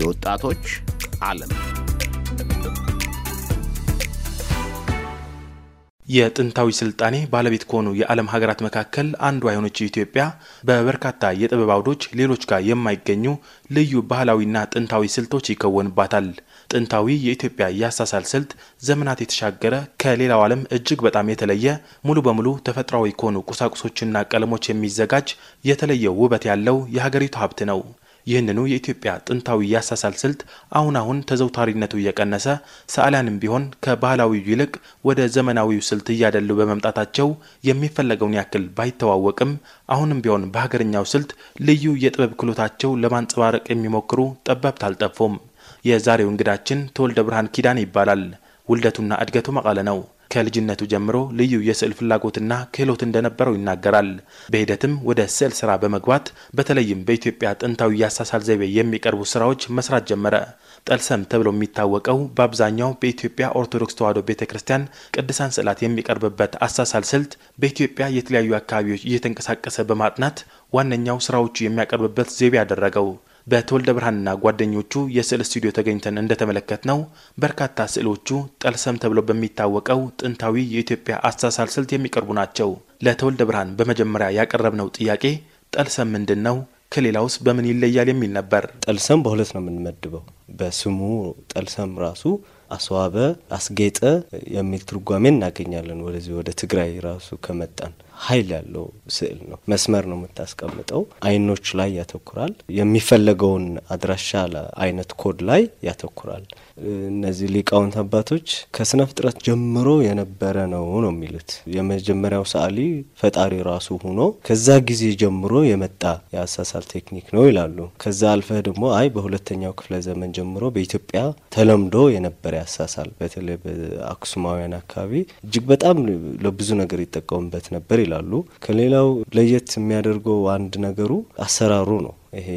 የወጣቶች ዓለም የጥንታዊ ስልጣኔ ባለቤት ከሆኑ የዓለም ሀገራት መካከል አንዷ የሆነች ኢትዮጵያ በበርካታ የጥበብ አውዶች ሌሎች ጋር የማይገኙ ልዩ ባህላዊና ጥንታዊ ስልቶች ይከወንባታል። ጥንታዊ የኢትዮጵያ የአሳሳል ስልት ዘመናት የተሻገረ ከሌላው ዓለም እጅግ በጣም የተለየ ሙሉ በሙሉ ተፈጥሯዊ ከሆኑ ቁሳቁሶችና ቀለሞች የሚዘጋጅ የተለየ ውበት ያለው የሀገሪቱ ሀብት ነው። ይህንኑ የኢትዮጵያ ጥንታዊ ያሳሳል ስልት አሁን አሁን ተዘውታሪነቱ እየቀነሰ ሰዓሊያንም ቢሆን ከባህላዊው ይልቅ ወደ ዘመናዊው ስልት እያደሉ በመምጣታቸው የሚፈለገውን ያክል ባይተዋወቅም አሁንም ቢሆን በሀገርኛው ስልት ልዩ የጥበብ ክህሎታቸው ለማንጸባረቅ የሚሞክሩ ጠበብት አልጠፉም። የዛሬው እንግዳችን ተወልደ ብርሃን ኪዳን ይባላል። ውልደቱና እድገቱ መቀለ ነው። ከልጅነቱ ጀምሮ ልዩ የስዕል ፍላጎትና ክህሎት እንደነበረው ይናገራል። በሂደትም ወደ ስዕል ስራ በመግባት በተለይም በኢትዮጵያ ጥንታዊ የአሳሳል ዘይቤ የሚቀርቡ ስራዎች መስራት ጀመረ። ጠልሰም ተብሎ የሚታወቀው በአብዛኛው በኢትዮጵያ ኦርቶዶክስ ተዋሕዶ ቤተ ክርስቲያን ቅዱሳን ስዕላት የሚቀርብበት አሳሳል ስልት በኢትዮጵያ የተለያዩ አካባቢዎች እየተንቀሳቀሰ በማጥናት ዋነኛው ስራዎቹ የሚያቀርብበት ዘይቤ ያደረገው በተወልደ ብርሃንና ጓደኞቹ የስዕል ስቱዲዮ ተገኝተን እንደተመለከት ነው በርካታ ስዕሎቹ ጠልሰም ተብሎ በሚታወቀው ጥንታዊ የኢትዮጵያ አሳሳል ስልት የሚቀርቡ ናቸው። ለተወልደ ብርሃን በመጀመሪያ ያቀረብነው ጥያቄ ጠልሰም ምንድን ነው? ከሌላውስ በምን ይለያል? የሚል ነበር። ጠልሰም በሁለት ነው የምንመድበው። በስሙ ጠልሰም ራሱ አስዋበ፣ አስጌጠ የሚል ትርጓሜ እናገኛለን። ወደዚህ ወደ ትግራይ ራሱ ከመጣን ኃይል ያለው ስዕል ነው። መስመር ነው የምታስቀምጠው። አይኖች ላይ ያተኩራል። የሚፈለገውን አድራሻ አይነት ኮድ ላይ ያተኩራል። እነዚህ ሊቃውንት አባቶች ከስነ ፍጥረት ጀምሮ የነበረ ነው ነው የሚሉት የመጀመሪያው ሰዓሊ ፈጣሪ ራሱ ሆኖ ከዛ ጊዜ ጀምሮ የመጣ የአሳሳል ቴክኒክ ነው ይላሉ። ከዛ አልፈህ ደግሞ አይ በሁለተኛው ክፍለ ዘመን ጀምሮ በኢትዮጵያ ተለምዶ የነበረ ያሳሳል በተለይ በአክሱማውያን አካባቢ እጅግ በጣም ለብዙ ነገር ይጠቀሙበት ነበር ይላሉ። ከሌላው ለየት የሚያደርገው አንድ ነገሩ አሰራሩ ነው። ይሄ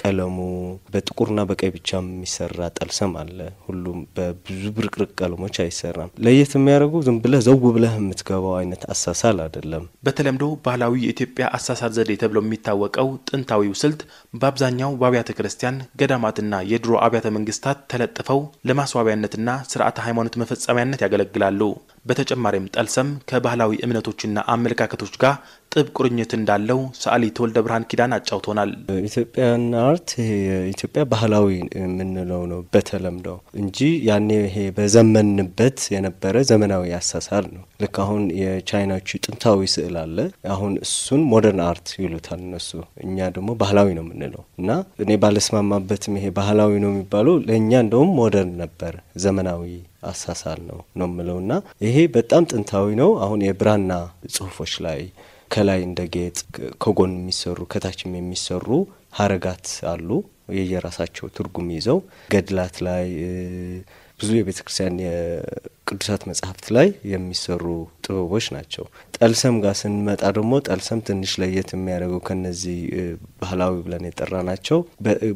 ቀለሙ በጥቁርና በቀይ ብቻ የሚሰራ ጠልሰም አለ። ሁሉም በብዙ ብርቅርቅ ቀለሞች አይሰራም። ለየት የሚያደርጉ ዝም ብለህ ዘው ብለህ የምትገባው አይነት አሳሳል አይደለም። በተለምዶ ባህላዊ የኢትዮጵያ አሳሳል ዘዴ ተብሎ የሚታወቀው ጥንታዊው ስልት በአብዛኛው በአብያተ ክርስቲያን ገዳማትና የድሮ አብያተ መንግስታት ተለጥፈው ለማስዋቢያነትና ስርዓተ ሃይማኖት መፈጸሚያነት ያገለግላሉ። በተጨማሪም ጠልሰም ከባህላዊ እምነቶችና አመለካከቶች ጋር ጥብቅ ቁርኝት እንዳለው ሰዓሊ ተወልደ ብርሃን ኪዳን አጫውቶናል። ኢትዮጵያን አርት የኢትዮጵያ ባህላዊ የምንለው ነው በተለምዶ እንጂ ያኔ ይሄ በዘመንበት የነበረ ዘመናዊ አሳሳል ነው። ልክ አሁን የቻይናዎቹ ጥንታዊ ስዕል አለ። አሁን እሱን ሞደርን አርት ይሉታል እነሱ፣ እኛ ደግሞ ባህላዊ ነው የምንለው እና እኔ ባለስማማበትም ይሄ ባህላዊ ነው የሚባለው ለእኛ እንደውም ሞደርን ነበር ዘመናዊ አሳሳል ነው ነው የምለው እና ይሄ በጣም ጥንታዊ ነው። አሁን የብራና ጽሁፎች ላይ ከላይ እንደ ጌጥ ከጎን የሚሰሩ ከታችም የሚሰሩ ሀረጋት አሉ። የየራሳቸው ትርጉም ይዘው ገድላት ላይ ብዙ የቤተ ክርስቲያን የቅዱሳት መጽሐፍት ላይ የሚሰሩ ጥበቦች ናቸው። ጠልሰም ጋር ስንመጣ ደግሞ ጠልሰም ትንሽ ለየት የሚያደርገው ከነዚህ ባህላዊ ብለን የጠራ ናቸው።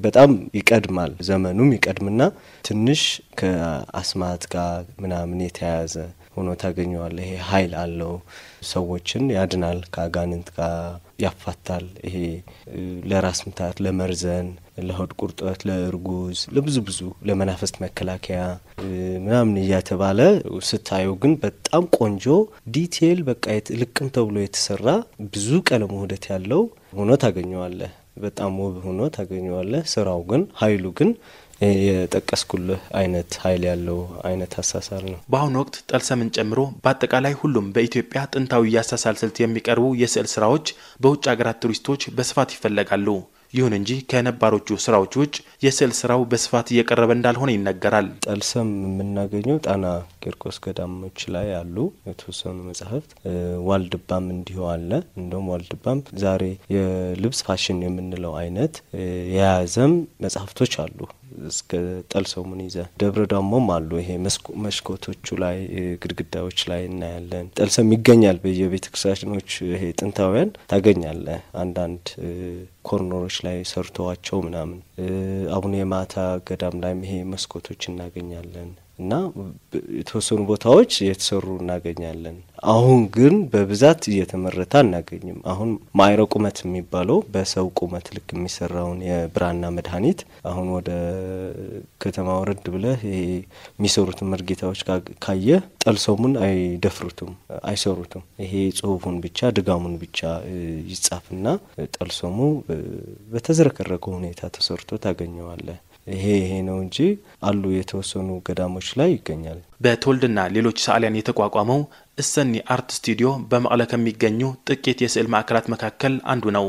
በጣም ይቀድማል፣ ዘመኑም ይቀድምና ትንሽ ከአስማት ጋር ምናምን የተያያዘ ሆኖ ታገኘዋለ። ይሄ ኃይል አለው። ሰዎችን ያድናል፣ ከአጋንንት ጋር ያፋታል። ይሄ ለራስ ምታት፣ ለመርዘን፣ ለሆድ ቁርጠት፣ ለእርጉዝ፣ ለብዙ ብዙ ለመናፈስት መከላከያ ምናምን እያተባለ ስታየው ግን በጣም ቆንጆ ዲቴይል በቃ ልቅም ተብሎ የተሰራ ብዙ ቀለም ውህደት ያለው ሆኖ ታገኘዋለህ። በጣም ውብ ሆኖ ታገኘዋለህ። ስራው ግን ኃይሉ ግን የጠቀስኩልህ አይነት ኃይል ያለው አይነት አሳሳል ነው። በአሁኑ ወቅት ጠልሰምን ጨምሮ በአጠቃላይ ሁሉም በኢትዮጵያ ጥንታዊ የአሳሳል ስልት የሚቀርቡ የስዕል ስራዎች በውጭ ሀገራት ቱሪስቶች በስፋት ይፈለጋሉ። ይሁን እንጂ ከነባሮቹ ስራዎች ውጭ የስዕል ስራው በስፋት እየቀረበ እንዳልሆነ ይነገራል። ጠልሰም የምናገኘው ጣና ቂርቆስ ገዳሞች ላይ ያሉ የተወሰኑ መጽሐፍት። ዋልድባም እንዲሁ አለ። እንደውም ዋልድባም ዛሬ የልብስ ፋሽን የምንለው አይነት የያዘም መጽሐፍቶች አሉ። እስከ ጠልሰው ምን ይዘ ደብረ ዳሞም አሉ። ይሄ መስኮቶቹ ላይ ግድግዳዎች ላይ እናያለን። ጠልሰም ይገኛል በየቤተ ክርስቲያኖች ይሄ ጥንታውያን ታገኛለ። አንዳንድ ኮርነሮች ላይ ሰርተዋቸው ምናምን አቡነ የማታ ገዳም ላይም ይሄ መስኮቶች እናገኛለን። እና የተወሰኑ ቦታዎች የተሰሩ እናገኛለን። አሁን ግን በብዛት እየተመረተ አናገኝም። አሁን ማይረ ቁመት የሚባለው በሰው ቁመት ልክ የሚሰራውን የብራና መድኃኒት አሁን ወደ ከተማ ወረድ ብለህ የሚሰሩትን መርጌታዎች ካየ ጠልሰሙን አይደፍሩትም፣ አይሰሩትም። ይሄ ጽሁፉን ብቻ ድጋሙን ብቻ ይጻፍና ጠልሶሙ በተዘረከረቀ ሁኔታ ተሰርቶ ታገኘዋለህ። ይሄ ይሄ ነው እንጂ አሉ የተወሰኑ ገዳሞች ላይ ይገኛል። በቶልድና ሌሎች ሰዓሊያን የተቋቋመው እሰኒ አርት ስቱዲዮ በመቀለ ከሚገኙ ጥቂት የስዕል ማዕከላት መካከል አንዱ ነው።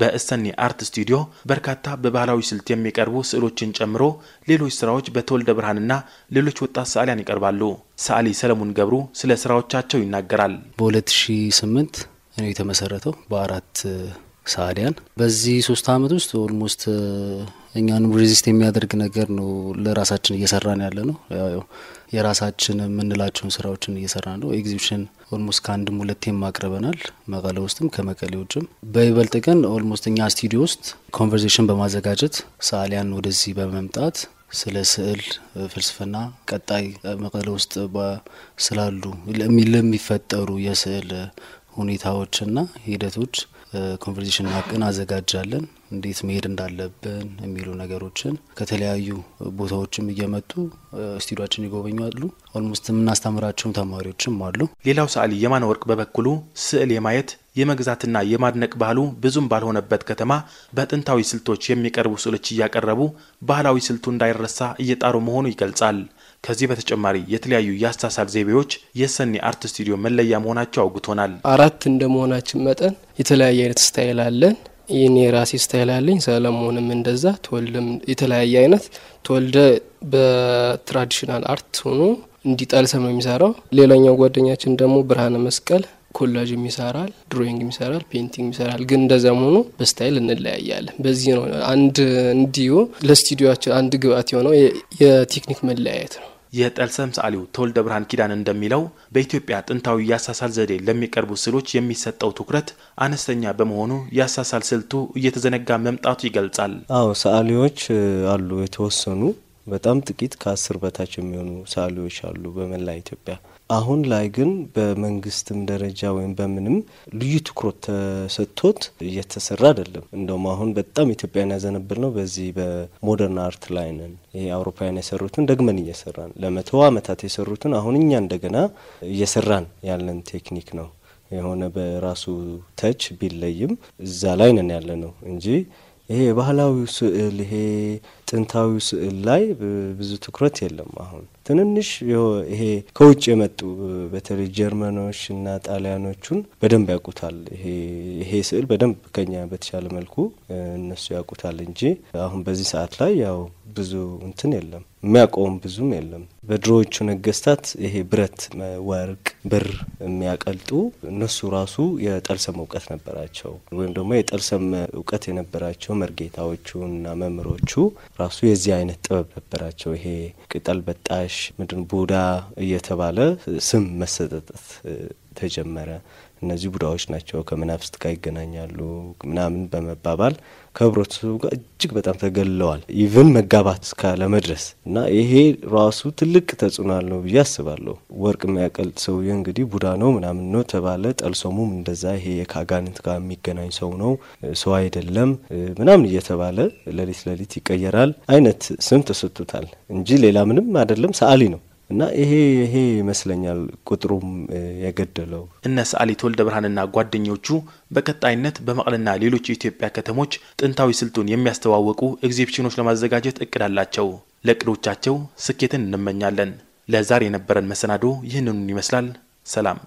በእሰኒ አርት ስቱዲዮ በርካታ በባህላዊ ስልት የሚቀርቡ ስዕሎችን ጨምሮ ሌሎች ስራዎች በተወልደ ብርሃንና ሌሎች ወጣት ሰዓሊያን ይቀርባሉ። ሰዓሊ ሰለሞን ገብሩ ስለ ስራዎቻቸው ይናገራል። በ2008 ነው የተመሰረተው በአራት ሳዲያን በዚህ ሶስት አመት ውስጥ ኦልሞስት እኛንም ሬዚስት የሚያደርግ ነገር ነው ለራሳችን እየሰራን ያለ ነው። የራሳችን የምንላቸውን ስራዎችን እየሰራ ነው። ኤግዚቢሽን ኦልሞስት ከአንድም ሁለቴም አቅርበናል፣ መቀለ ውስጥም ከመቀሌ ውጭም። በይበልጥ ግን ኦልሞስት እኛ ስቱዲዮ ውስጥ ኮንቨርሴሽን በማዘጋጀት ሳሊያን ወደዚህ በመምጣት ስለ ስዕል ፍልስፍና ቀጣይ መቀለ ውስጥ ስላሉ ለሚፈጠሩ የስዕል ሁኔታዎችና ሂደቶች ኮንቨርሴሽን ሀቅን አዘጋጃለን። እንዴት መሄድ እንዳለብን የሚሉ ነገሮችን ከተለያዩ ቦታዎችም እየመጡ ስቱዲዮችን ይጎበኛሉ። ኦልሞስት የምናስተምራቸውም ተማሪዎችም አሉ። ሌላው ሰዓሊ የማነ ወርቅ በበኩሉ ስዕል የማየት የመግዛትና የማድነቅ ባህሉ ብዙም ባልሆነበት ከተማ በጥንታዊ ስልቶች የሚቀርቡ ስዕሎች እያቀረቡ ባህላዊ ስልቱ እንዳይረሳ እየጣሩ መሆኑ ይገልጻል። ከዚህ በተጨማሪ የተለያዩ የአስተሳል ዘይቤዎች የሰኔ አርት ስቱዲዮ መለያ መሆናቸው አውግቶናል። አራት እንደመሆናችን መጠን የተለያየ አይነት ስታይል አለን። ይህን የራሴ ስታይል አለኝ። ሰለሞንም እንደዛ ተወልደም የተለያየ አይነት ተወልደ በትራዲሽናል አርት ሆኖ እንዲጠልሰ ነው የሚሰራው። ሌላኛው ጓደኛችን ደግሞ ብርሃነ መስቀል ኮላጅም ይሰራል፣ ድሮይንግም ይሰራል፣ ፔንቲንግ ይሰራል። ግን እንደዚያም መሆኑ በስታይል እንለያያለን። በዚህ ነው አንድ እንዲሁ ለስቱዲዮችን አንድ ግብአት የሆነው የቴክኒክ መለያየት ነው። የጠልሰም ሰዓሊው ተወልደ ብርሃን ኪዳን እንደሚለው በኢትዮጵያ ጥንታዊ የአሳሳል ዘዴ ለሚቀርቡ ስዕሎች የሚሰጠው ትኩረት አነስተኛ በመሆኑ የአሳሳል ስልቱ እየተዘነጋ መምጣቱ ይገልጻል። አዎ ሰዓሊዎች አሉ የተወሰኑ በጣም ጥቂት ከአስር በታች የሚሆኑ ሰዓሊዎች አሉ በመላ ኢትዮጵያ። አሁን ላይ ግን በመንግስትም ደረጃ ወይም በምንም ልዩ ትኩረት ተሰጥቶት እየተሰራ አይደለም። እንደውም አሁን በጣም ኢትዮጵያን ያዘነብል ነው። በዚህ በሞደርን አርት ላይ ነን። ይሄ አውሮፓውያን የሰሩትን ደግመን እየሰራን ለመቶ አመታት የሰሩትን አሁን እኛ እንደገና እየሰራን ያለን ቴክኒክ ነው የሆነ በራሱ ተች ቢለይም እዛ ላይ ነን ያለ ነው እንጂ ይሄ የባህላዊው ስዕል ይሄ ጥንታዊ ስዕል ላይ ብዙ ትኩረት የለም። አሁን ትንንሽ ይሄ ከውጭ የመጡ በተለይ ጀርመኖች እና ጣሊያኖቹን በደንብ ያውቁታል። ይሄ ስዕል በደንብ ከኛ በተሻለ መልኩ እነሱ ያውቁታል እንጂ አሁን በዚህ ሰዓት ላይ ያው ብዙ እንትን የለም፣ የሚያውቀውም ብዙም የለም። በድሮዎቹ ነገስታት ይሄ ብረት፣ ወርቅ፣ ብር የሚያቀልጡ እነሱ ራሱ የጠልሰም እውቀት ነበራቸው፣ ወይም ደግሞ የጠልሰም እውቀት የነበራቸው መርጌታዎቹ እና መምህሮቹ ራሱ የዚህ አይነት ጥበብ ነበራቸው። ይሄ ቅጠል በጣሽ ምድን ቡዳ እየተባለ ስም መሰጠጠት ተጀመረ። እነዚህ ቡዳዎች ናቸው፣ ከመናፍስት ጋር ይገናኛሉ ምናምን በመባባል ከህብረተሰቡ ጋር እጅግ በጣም ተገልለዋል። ኢቭን መጋባት እስካለመድረስ እና ይሄ ራሱ ትልቅ ተጽዕኖ አለው ብዬ አስባለሁ። ወርቅ የሚያቀልጥ ሰውዬ እንግዲህ ቡዳ ነው ምናምን ነው ተባለ። ጠልሶሙም እንደዛ ይሄ ከአጋንንት ጋር የሚገናኝ ሰው ነው ሰው አይደለም ምናምን እየተባለ ሌሊት ሌሊት ይቀየራል አይነት ስም ተሰጥቶታል እንጂ ሌላ ምንም አይደለም። ሰዓሊ ነው። እና ይሄ ይሄ ይመስለኛል ቁጥሩም የገደለው። እነ ሰዓሊ ወልደ ብርሃንና ጓደኞቹ በቀጣይነት በመቀለና ሌሎች የኢትዮጵያ ከተሞች ጥንታዊ ስልቱን የሚያስተዋወቁ ኤግዚቢሽኖች ለማዘጋጀት እቅድ አላቸው። ለእቅዶቻቸው ስኬትን እንመኛለን። ለዛሬ የነበረን መሰናዶ ይህንኑን ይመስላል። ሰላም።